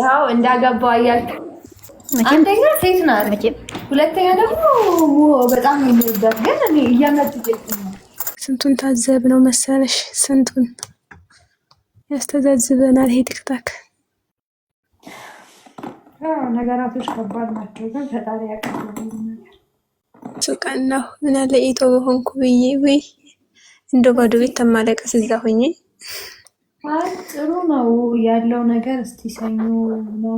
ያው እንዳገባው አያልክ። አንደኛ ሴት ናት፣ ሁለተኛ ደግሞ በጣም የሚወዳት ግን እኔ እያመጡ ስንቱን ታዘብ ነው መሰለሽ፣ ስንቱን ያስተዛዝበናል ይሄ ቲክታክ። ነገራቶች ከባድ ናቸው፣ ግን ፈጣሪ ያቀርበው ነገር ሱቀን ነው። ምን አለ ኢትዮ በሆንኩ ብዬ ወይ እንደ ባዶ ቤት ተማለቀስ እዛ ሆኜ አይ ጥሩ ነው ያለው ነገር። እስቲ ሰኞ ነው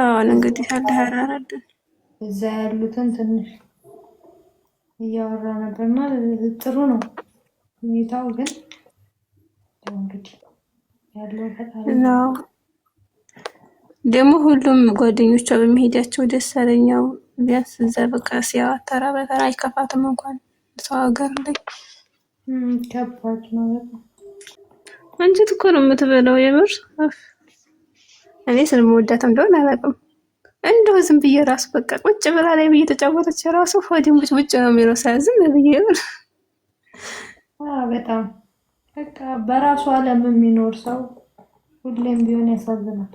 አሁን እንግዲህ አዳራራድ እዛ ያሉትን ትንሽ እያወራ ነበርና ጥሩ ነው ሁኔታው። ግን እንግዲህ ያለው ፈጣሪ ነው። ደግሞ ሁሉም ጓደኞቿ በመሄዳቸው ደስ አለኛው። ቢያንስ እዛ በቃ ሲያዋተራ በተራ አይከፋትም እንኳን ሰው ሀገር ላይ ከባድ ነው አንቺት እኮ ነው የምትበለው። የምር እኔ ስለምወዳት እንደሆነ አላውቅም። እንደው ዝም ብዬ ራሱ በቃ ቁጭ ብላ ላይ ብዬ ተጫወተች ራሱ ሆዴን ቡጭ ቡጭ ነው የሚለው ሳያዝም ብዬ የምር በጣም በቃ በራሱ ዓለም የሚኖር ሰው ሁሌም ቢሆን ያሳዝናል።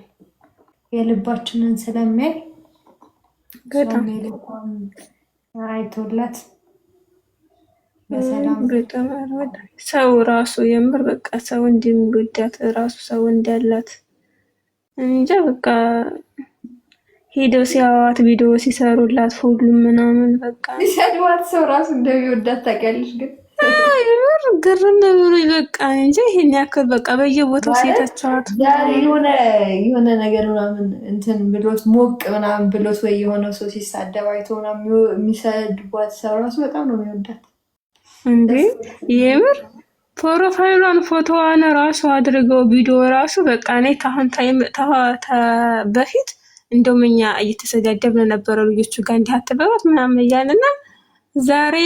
የልባችንን ስለሚያይ በጣም አይቶላት ሰው ራሱ የምር በቃ ሰው እንደሚወዳት ራሱ ሰው እንዳላት እንጃ በቃ ሄደው ሲያዋት ቪዲዮ ሲሰሩላት ሁሉም ምናምን በቃ ሲያድዋት ሰው ራሱ እንደሚወዳት ታውቂያለሽ። ግን የምር ግርም ብሎ በቃ እንጂ ይሄን ያክል በቃ በየቦታው ሴታቸዋት የሆነ የሆነ ነገር ምናምን እንትን ብሎት ሞቅ ምናምን ብሎት ወይ የሆነ ሰው ሲሳደባይቶ ምናምን የሚሰድቧት ሰው ራሱ በጣም ነው የሚወዳት እንዴ የምር ፕሮፋይሏን ፎቶዋን ራሱ አድርገው ቪዲዮ ራሱ በቃ እኔ ከአሁን በፊት እንደውም እኛ እየተሰዳደብን ነበረ ልጆቹ ጋር እንዲህ አትበባት ምናምን እያልና ዛሬ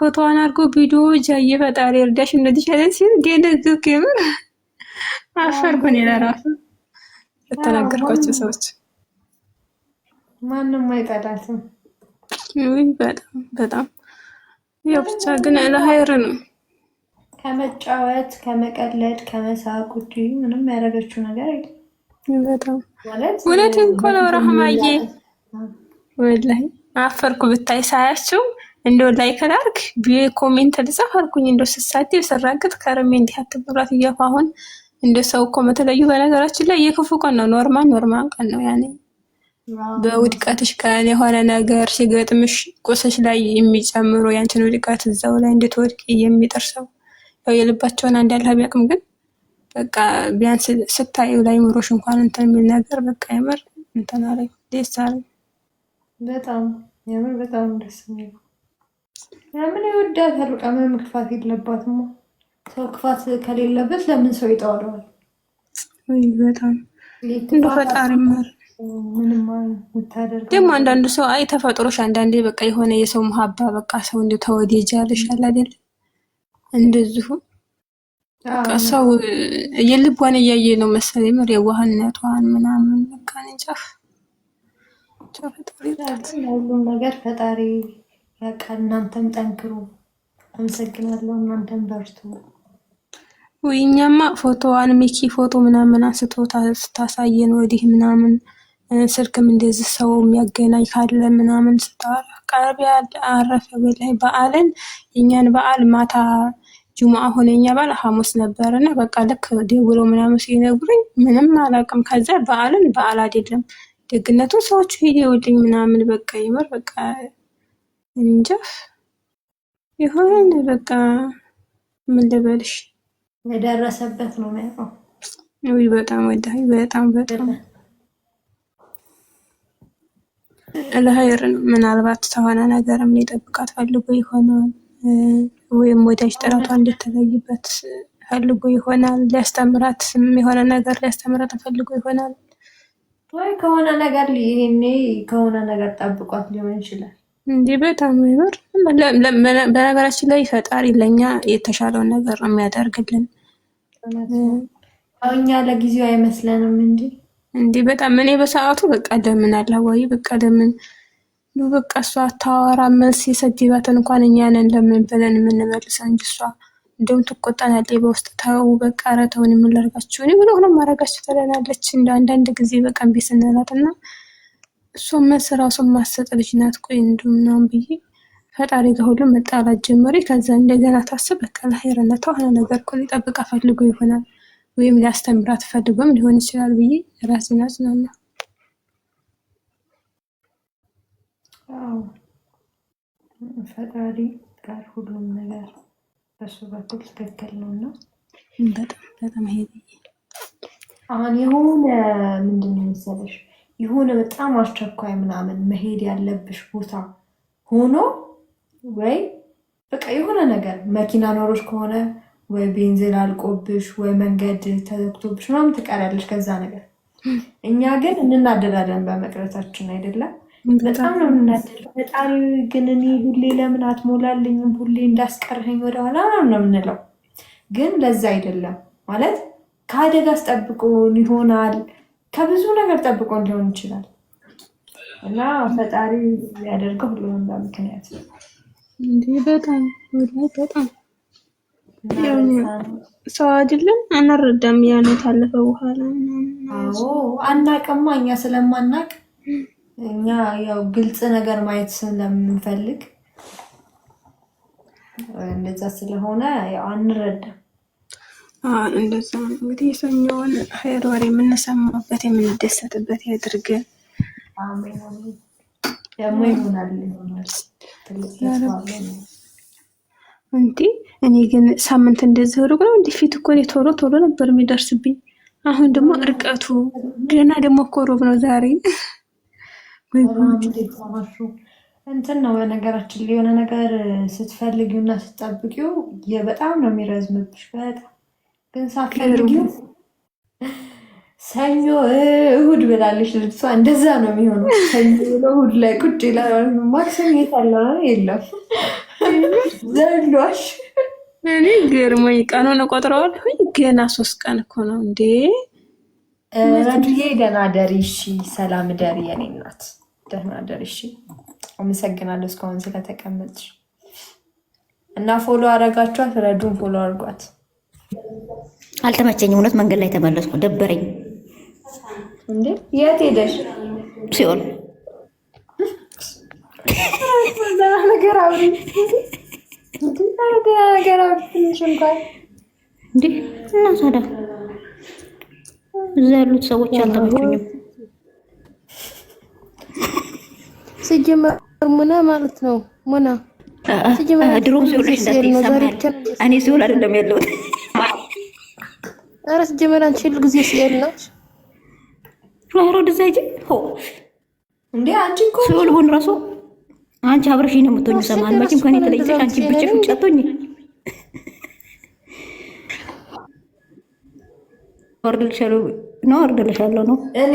ፎቶዋን አድርጎ ቪዲዮ ጃየ ፈጣሪ እርዳሽ እንደዚህ ሸለት ሲል ደነገኩ። የምር አፈርኩ። ለራሱ የተናገርኳቸው ሰዎች ማንም አይጠላትም። በጣም በጣም ያው ብቻ ግን ለሀይር ነው። ከመጫወት ከመቀለድ ከመሳቅ ውጪ ምንም ያደረገችው ነገር የለም። በጣም እውነት እኮ ነው ረህማዬ፣ ወላሂ አፈርኩ ብታይ ሳያችው እንደ ላይ ከላርክ ላድርግ ኮሜንት ልጽፍ አልኩኝ። እንደው ስሳደብ ስራገጥ ከርሜ እንዲህ አትበሏት እያልኩ እንደ ሰው እኮ መተለዩ በነገራችን ላይ የክፉ ቀን ነው። ኖርማል ኖርማል ቀን ነው ያኔ በውድቀትሽ ቀን የሆነ ነገር ሲገጥምሽ ቁስሽ ላይ የሚጨምሩ ያንችን ውድቀት እዛው ላይ እንድትወድቅ የሚጥር ሰው ያው የልባቸውን አንድ ያለ ቢያቅም ግን በቃ ቢያንስ ስታዩ ላይ ምሮሽ እንኳን እንትን የሚል ነገር በቃ የምር እንትን አለኝ ደስ አለ። በጣም የምር በጣም ደስ የሚል ለምን ይወዳታል። በቃ ምንም ክፋት የለባትማ። ሰው ክፋት ከሌለበት ለምን ሰው ይጠዋለዋል? በጣም እንደ ፈጣሪ ምር ደግሞ አንዳንዱ ሰው አይ ተፈጥሮሽ፣ አንዳንዴ በቃ የሆነ የሰው መሀባ በቃ ሰው እንደ ተወደጅ ያለሻል አይደል? እንደዚሁ በቃ ሰው የልቧን እያየ ነው መሰለኝ ምር የዋህነቷን ምናምን በቃ ንጫፍ ሁሉም ነገር ፈጣሪ ያውቃል። እናንተም ጠንክሩ። አመሰግናለሁ። እናንተም በርቱ። ወይ እኛማ ፎቶዋን ሚኪ ፎቶ ምናምን አንስቶ ስታሳየን ወዲህ ምናምን ስልክም እንደዚህ ሰው የሚያገናኝ ካለ ምናምን ስታወራ ቀረቢያ አረፈ ወላሂ በዓልን የእኛን በዓል ማታ ጁሙአ ሆነ የኛ በዓል ሐሙስ ነበር እና በቃ ልክ ደውሎ ምናምን ሲነግሩኝ ምንም አላውቅም። ከዛ በዓልን በዓል አይደለም ደግነቱ ሰዎቹ ሄደውልኝ ምናምን በቃ ይመር በቃ እንጃ የሆነ በቃ ምን ልበልሽ የደረሰበት ነው ያው በጣም ወዳ በጣም በጣም ለሀይርን ምናልባት ተሆነ ነገርም ሊጠብቃት ፈልጎ ይሆናል፣ ወይም ወዳጅ ጥረቷ እንድትለይበት ፈልጎ ይሆናል። ሊያስተምራት የሆነ ነገር ሊያስተምራት ፈልጎ ይሆናል። ወይ ከሆነ ነገር ይሄኔ ከሆነ ነገር ጠብቋት ሊሆን ይችላል። እንዲህ በጣም ይኖር። በነገራችን ላይ ፈጣሪ ለእኛ የተሻለውን ነገር የሚያደርግልን እኛ ለጊዜው አይመስለንም እንዲህ እንዲህ በጣም እኔ በሰዓቱ በቃ ለምን አላወይ በቃ ለምን ነው በቃ እሷ አታወራ መልስ የሰደባትን እንኳን እኛ ነን ለምን ብለን የምንመልሰው እንጂ እሷ እንደውም ትቆጣናለች። በውስጥ ተው በቃ ኧረ ተውን የምንላርጋችሁ እኔ ብሎ ሁሉም ማረጋችሁ ትለናለች። እንደ አንዳንድ ጊዜ በቃ እምቢ ስንላት እና እሷ መልስ ራሱን ማሰጥ ልጅ ናት። ቆይ እንዲሁም ምናምን ብዬ ፈጣሪ ጋር ሁሉም መጣላት ጀመሪ። ከዛ እንደገና ታስብ በቃ ለሀይርነቷ ሆነ ነገር እኮ ሊጠብቃ ፈልጎ ይሆናል ወይም ሊያስተምራት ፈልጎም ሊሆን ይችላል ብዬ ራሴን አጽናለሁ። ፈጣሪ ጋር ሁሉም ነገር በሱ በኩል ትክክል ነው እና በጣም በጣም አሁን የሆነ ምንድን ነው የሆነ በጣም አስቸኳይ ምናምን መሄድ ያለብሽ ቦታ ሆኖ ወይ በቃ የሆነ ነገር መኪና ኖሮች ከሆነ ወይ ቤንዚን አልቆብሽ ወይ መንገድ ተዘግቶብሽ ምናምን ትቀሪያለሽ ከዛ ነገር። እኛ ግን እንናደዳለን በመቅረታችን አይደለም። በጣም ነው የምናደለው። በጣም ግን እኔ ሁሌ ለምን አትሞላልኝም፣ ሁሌ እንዳስቀርኸኝ ወደኋላ ነው የምንለው። ግን ለዛ አይደለም ማለት ከአደጋ አስጠብቆን ይሆናል ከብዙ ነገር ጠብቆን ሊሆን ይችላል። እና ፈጣሪ ያደርገው ሁሉም በምክንያት እንዲህ በጣም በጣም ሰው አይደለም አንረዳም። ያኔ ታለፈ በኋላ አናቅማ እኛ ስለማናቅ እኛ ያው ግልጽ ነገር ማየት ስለምንፈልግ እንደዛ ስለሆነ ያው አንረዳም። እንደዛ እንግዲህ የሰኞውን ኸይር ወሬ የምንሰማበት የምንደሰትበት ያድርገን። ደግሞ ይሆናል እንዲ እኔ ግን ሳምንት እንደዚህ ሆኖ ነው እንዴ? እኮ እኔ ቶሎ ቶሎ ነበር የሚደርስብኝ። አሁን ደግሞ እርቀቱ ገና ደግሞ ኮሮብ ነው ዛሬ። እንትን ነው በነገራችን ሊሆነ ነገር ስትፈልጊውና ስትጠብቂው በጣም ነው የሚረዝምብሽ። በጣም ግን ሳትፈልጊው ሰኞ እሁድ ትላለች ልብሷ። እንደዛ ነው የሚሆነው። ሰኞ እሑድ ላይ ቁጭ ይላል። ማክሰኞ የታለ የለም ዘሏሽ። እኔ ገርሞኝ ቀኑን ቆጥረዋል። ገና ሶስት ቀን እኮ ነው እንዴ! ረዱዬ ደህና ደሪ እሺ። ሰላም ደሪ የኔ እናት ደህና ደሪ እሺ። አመሰግናለሁ እስካሁን ስለተቀመጥሽ እና ፎሎ አረጋችኋት። ረዱን ፎሎ አርጓት። አልተመቸኝም። እውነት መንገድ ላይ ተመለስኩ፣ ደበረኝ። እንዴ የት ሄደሽ? ሲሆን ነገር አውሪ ነገር አውሪ ትንሽ እንኳን እንዴ እና ሲሆን አይደለም ያለሁት። ኧረ ሲጀመር አንቺ ሁል ጊዜ ሲሄድ ነው ሮሮ ደዛ ይጂ ሆ እንዴ አንቺ እኮ ሲኦል ሆን ራሱ አንቺ አብረሽ ነው የምትሆኝ። ሰማን መቼም ከኔ ተለይተሽ አንቺ ብቻሽ ውጭ አትሆኝ። ወርድልሻለሁ ነው ወርድልሻለሁ ነው እኔ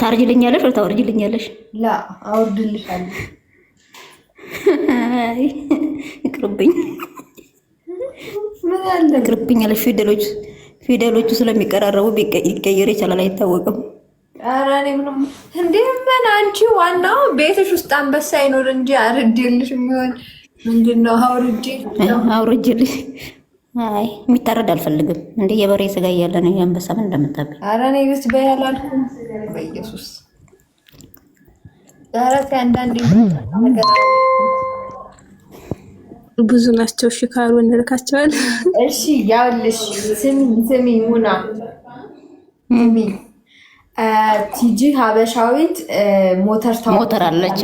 ታርጅልኛለሽ ወይ ታወርጅልኛለሽ? ላ አወርድልሻለሁ። ይቅርብኝ፣ ይቅርብኝ አለሽ ፊደሎች ፊደሎቹ ስለሚቀራረቡ ሊቀየር ይቻላል፣ አይታወቅም። ኧረ እኔ ምንም እንዴ ምን አንቺ ዋናው ቤትሽ ውስጥ አንበሳ ይኖር እንጂ አርድልሽ የሚሆን ምንድን ነው? አውርጅ አውርጅልሽ። አይ የሚታረድ አልፈልግም። እንደ የበሬ ስጋ እያለ ነው የአንበሳ ምን እንደምታብ። ኧረ እኔ ልስ በያላል በኢየሱስ ረት አንዳንድ ብዙ ናቸው። እሺ ካሉ እንልካቸዋል። እሺ ያልሽ ስሚ ስሚ፣ ሙና ሚ ቲጂ ሀበሻዊት ሞተር ሞተር አለች።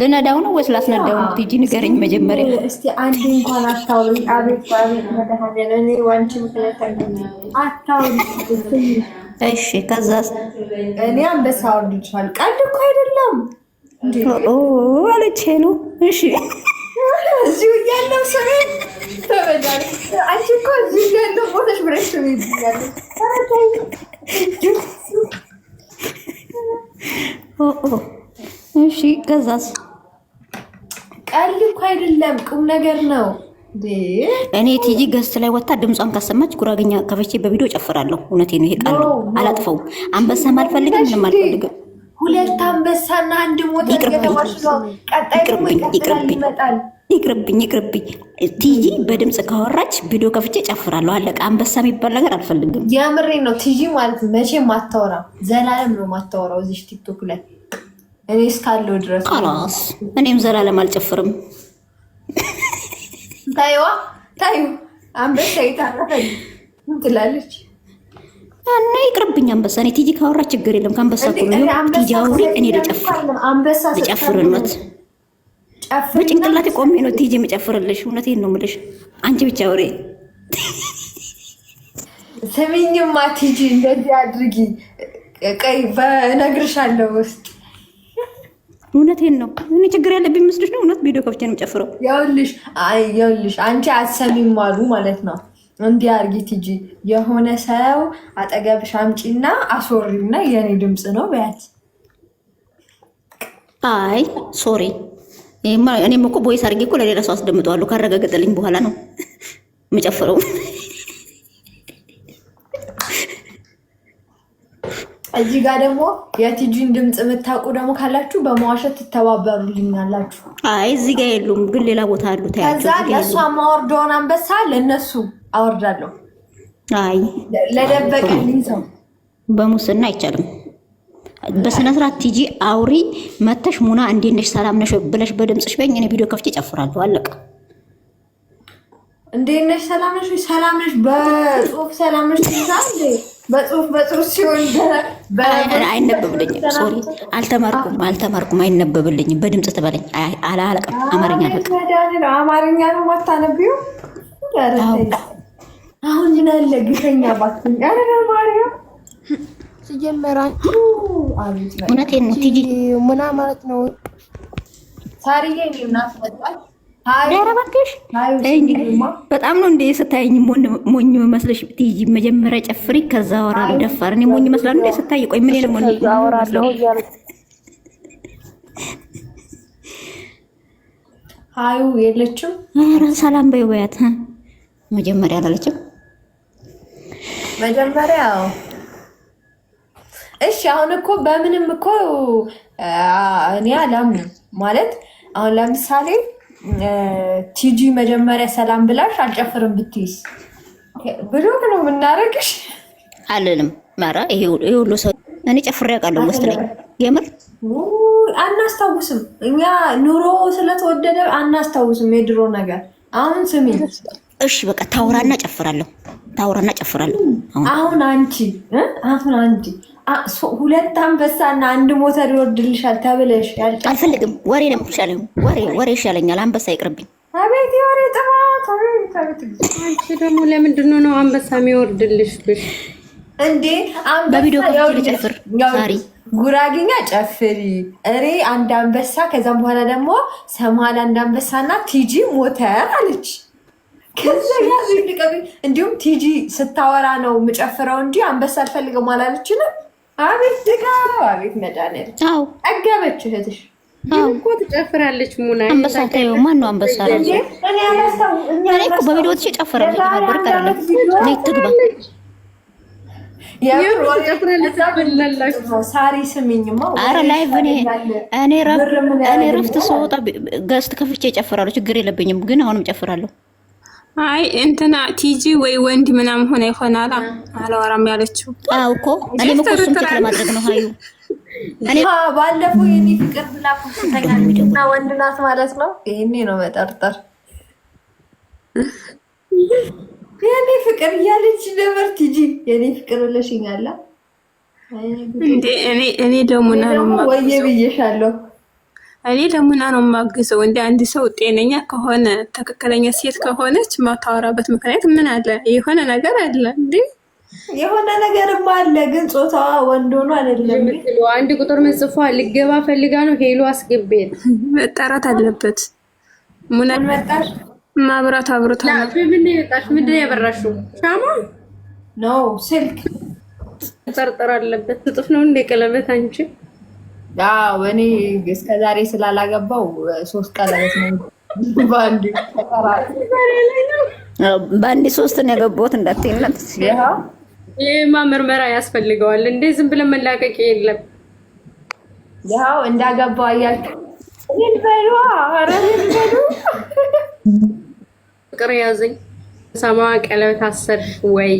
ልነዳው ነው ወይስ ላስነዳው ነው? ቲጂ ንገረኝ መጀመሪያ እስቲ። አንድ እንኳን አታውሪ። አቤት አቤት፣ መድኃኒዓለም ዋንቺ ምክንያት አታውሪ። እሺ ከዛ እኔ አንበሳ አውርድ ይችላል። ቀልድ እኮ አይደለም አለች ነው። እሺ እዚሁ እያለሁ ስሬ ተበዳለሁ። አንቺ እኮ እዚሁ እያለሁ ቦታሽ ብለሽ ስሜ እሺ ከዛስ? ቀልድ እኮ አይደለም ቁም ነገር ነው። እኔ ቲጂ ገዝት ላይ ወጣ ድምጿን ካሰማች ጉራገኛ ከፈቼ በቪዲዮ ጨፍራለሁ። እውነቴ ነው። ይሄ ቃል አላጥፈውም። አንበሳም አልፈልግም፣ ምንም አልፈልግም። ሁለት አንበሳና አንድ ሞት ይቅርብኝ፣ ይቅርብኝ፣ ይቅርብኝ። ይቅርብኝ ይቅርብኝ። ትይ በድምፅ ካወራች ቪዲዮ ከፍቼ ጨፍራለሁ። አለቀ። አንበሳ የሚባል ነገር አልፈልግም። የምሬ ነው። ትይ ማለት መቼ ማታወራ ዘላለም ነው ማታወራው እዚሽ ቲክቶክ ላይ እኔ እስካለው ድረስ ላስ እኔም ዘላለም አልጨፍርም። ታይዋ ታዩ አንበሳ ይታረፈ ትላለች እና ይቅርብኝ አንበሳ። እኔ ትይ ካወራች ችግር የለም። ከአንበሳ እኮ ነው አውሪ፣ እኔ ልጨፍር ልጨፍርነት በጭንቅላት ቆሜ ነው ቲጂ የምጨፍርልሽ። እውነቴን ነው የምልሽ። አንቺ ብቻ ወሬ ስሚኝማ። ቲጂ እንደዚህ አድርጊ ቀይ በነግርሻለሁ ውስጥ እውነቴን ነው። እኔ ችግር ያለብኝ መስሎሽ ነው? እውነት ቪዲዮ ከብቼ ነው የምጨፍረው። ይኸውልሽ ይኸውልሽ፣ አንቺ አትሰሚም አሉ ማለት ነው። እንዲህ አድርጊ ቲጂ፣ የሆነ ሰው አጠገብሽ አምጪና አስወሪና የኔ ድምፅ ነው በያት። አይ ሶሪ እኔም እኮ ቦይስ አድርጌ እኮ ለሌላ ሰው አስደምጠዋለሁ ካረጋገጠልኝ በኋላ ነው የምጨፍረው። እዚህ ጋር ደግሞ የቲጂን ድምፅ የምታውቁ ደግሞ ካላችሁ በመዋሸት ትተባበሩልኛላችሁ። አይ እዚህ ጋር የሉም፣ ግን ሌላ ቦታ አሉ። ከዛ ለእሷ ማወርደውን አንበሳ ለእነሱ አወርዳለሁ። አይ ለደበቀልኝ ሰው በሙስና አይቻልም። በስነ ስርዓት ቲጂ አውሪ መተሽ ሙና እንዴት ሰላም ነሽ ብለሽ በድምጽሽ በኝ እኔ ቪዲዮ ከፍቼ ጨፍራለሁ። አለቀ። እንዴት ሰላም ነሽ ሰላም ነሽ በጽሁፍ ሰላም ነሽ ትንሳለ በጽሁፍ በጽሁፍ ሲሆን አይነበብልኝም። ሶሪ አልተማርኩም አልተማርኩም አይነበብልኝም። በድምጽ ትበለኝ። አላለቀም። አማርኛ በቃ አማርኛ ነው ማታነብዩ። አሁን ምን አለ ግፈኛ ባትኛ ማርያም ሲጀመር እውነቴን ማለት በጣም ነው እንደ ስታየኝ ሞኝ መስለሽ ቲጂ፣ መጀመሪያ ጨፍሪ፣ ከዛ ወራ ደፋር። እኔ ሞኝ እንደ ስታይ? ቆይ ምን የለችም። ሰላም በይ በያት። መጀመሪያ አላለችም መጀመሪያ እሺ አሁን እኮ በምንም እኮ እኔ አላምንም ማለት አሁን ለምሳሌ ቲጂ መጀመሪያ ሰላም ብላሽ አልጨፍርም ብትይስ ብሎክ ነው የምናደርግሽ። አልልም ማራ ይሄ ሁሉ ሰው እኔ ጨፍሬ አውቃለሁ። ውስጥ ላይ የምር አናስታውስም። እኛ ኑሮ ስለተወደደ አናስታውስም የድሮ ነገር። አሁን ስሚ እሺ፣ በቃ ታውራና ጨፍራለሁ፣ ታውራና ጨፍራለሁ። አሁን አንቺ አሁን አንቺ ሁለት አንበሳና አንድ ሞተር ይወርድልሻል ተብለሽ ያልጨ አልፈልግም። ወሬ ነው የሚሻለኝ። ወሬ ወሬ ይሻለኛል። አንበሳ ይቅርብኝ። አቤት የወሬ ጥፋት! አንቺ ደግሞ ለምንድን ነው አንበሳ የሚወርድልሽ? ብሽ እንዴ በቪዲዮ ጨፍር ዛሬ ጉራጌኛ ጨፍሪ። እሬ አንድ አንበሳ፣ ከዛም በኋላ ደግሞ ሰማን አንድ አንበሳና ቲጂ ሞተር አለች። ከዛ ያዙ እንዲሁም ቲጂ ስታወራ ነው የምጨፍረው እንጂ አንበሳ አልፈልግም አላለችንም። አቤት ድጋው፣ አቤት መድኃኒዓለም። አጋበች እህትሽ እኮ ትጨፍራለች። ሙና አንበሳ ታየው ማን ነው አንበሳ? እኔ እኮ በቪዲዮ ትጨፍራለች ነበር እኔ ትግባ ሳሪ ኧረ ላይቭ እኔ እረፍት ስወጣ ገዝት ከፍቼ ጨፍራለሁ። ችግር የለብኝም፣ ግን አሁንም ጨፍራለሁ አይ እንትና ቲጂ ወይ ወንድ ምናምን ሆነ ይሆናል አላወራም ያለችው። አዎ እኮ እኔ እኮ እሱን ቼክ ለማድረግ ነው። ሀዩ እኔ ባለፈው የኔ ፍቅር ብላ ተጋና ወንድ ናት ማለት ነው። ይሄኔ ነው መጠርጠር። የኔ ፍቅር እያለች ነበር ቲጂ። የኔ ፍቅር ብለሽኛል እንዴ? እኔ እኔ ደግሞ ነው ወይ ብዬሻለሁ እኔ ለሙና ነው የማግዘው። እንደ አንድ ሰው ጤነኛ ከሆነ ትክክለኛ ሴት ከሆነች ማታወራበት ምክንያት ምን አለ? የሆነ ነገር አለ እንዴ? የሆነ ነገር አለ፣ ግን ጾታዋ ወንድ ሆኖ አይደለም። አንድ ቁጥር ምን መጽፏ ልገባ ፈልጋ ነው ሄሎ አስገቤት መጠራት አለበት። ሙና መጣሽ? ማብራት አብሮታ ነው። ምን ይጣሽ? ምንድን ያበራሽው? ሻማ ነው ስልክ? መጠርጠር አለበት። ትጥፍ ነው እንደ ቀለበት አንቺ እኔ እስከ ዛሬ ስላላገባው ሶስት ቀለበት ነው በአንድ ሶስት ነው ያገባሁት። እንዳትይነት ይህማ ምርመራ ያስፈልገዋል እንደ ዝም ብለን መላቀቅ የለም። ያው እንዳገባው አያልኩም። ልበሏ ኧረ ልበሉ ፍቅር ያዘኝ። ሰማ ቀለበት አሰርሽ ወይ?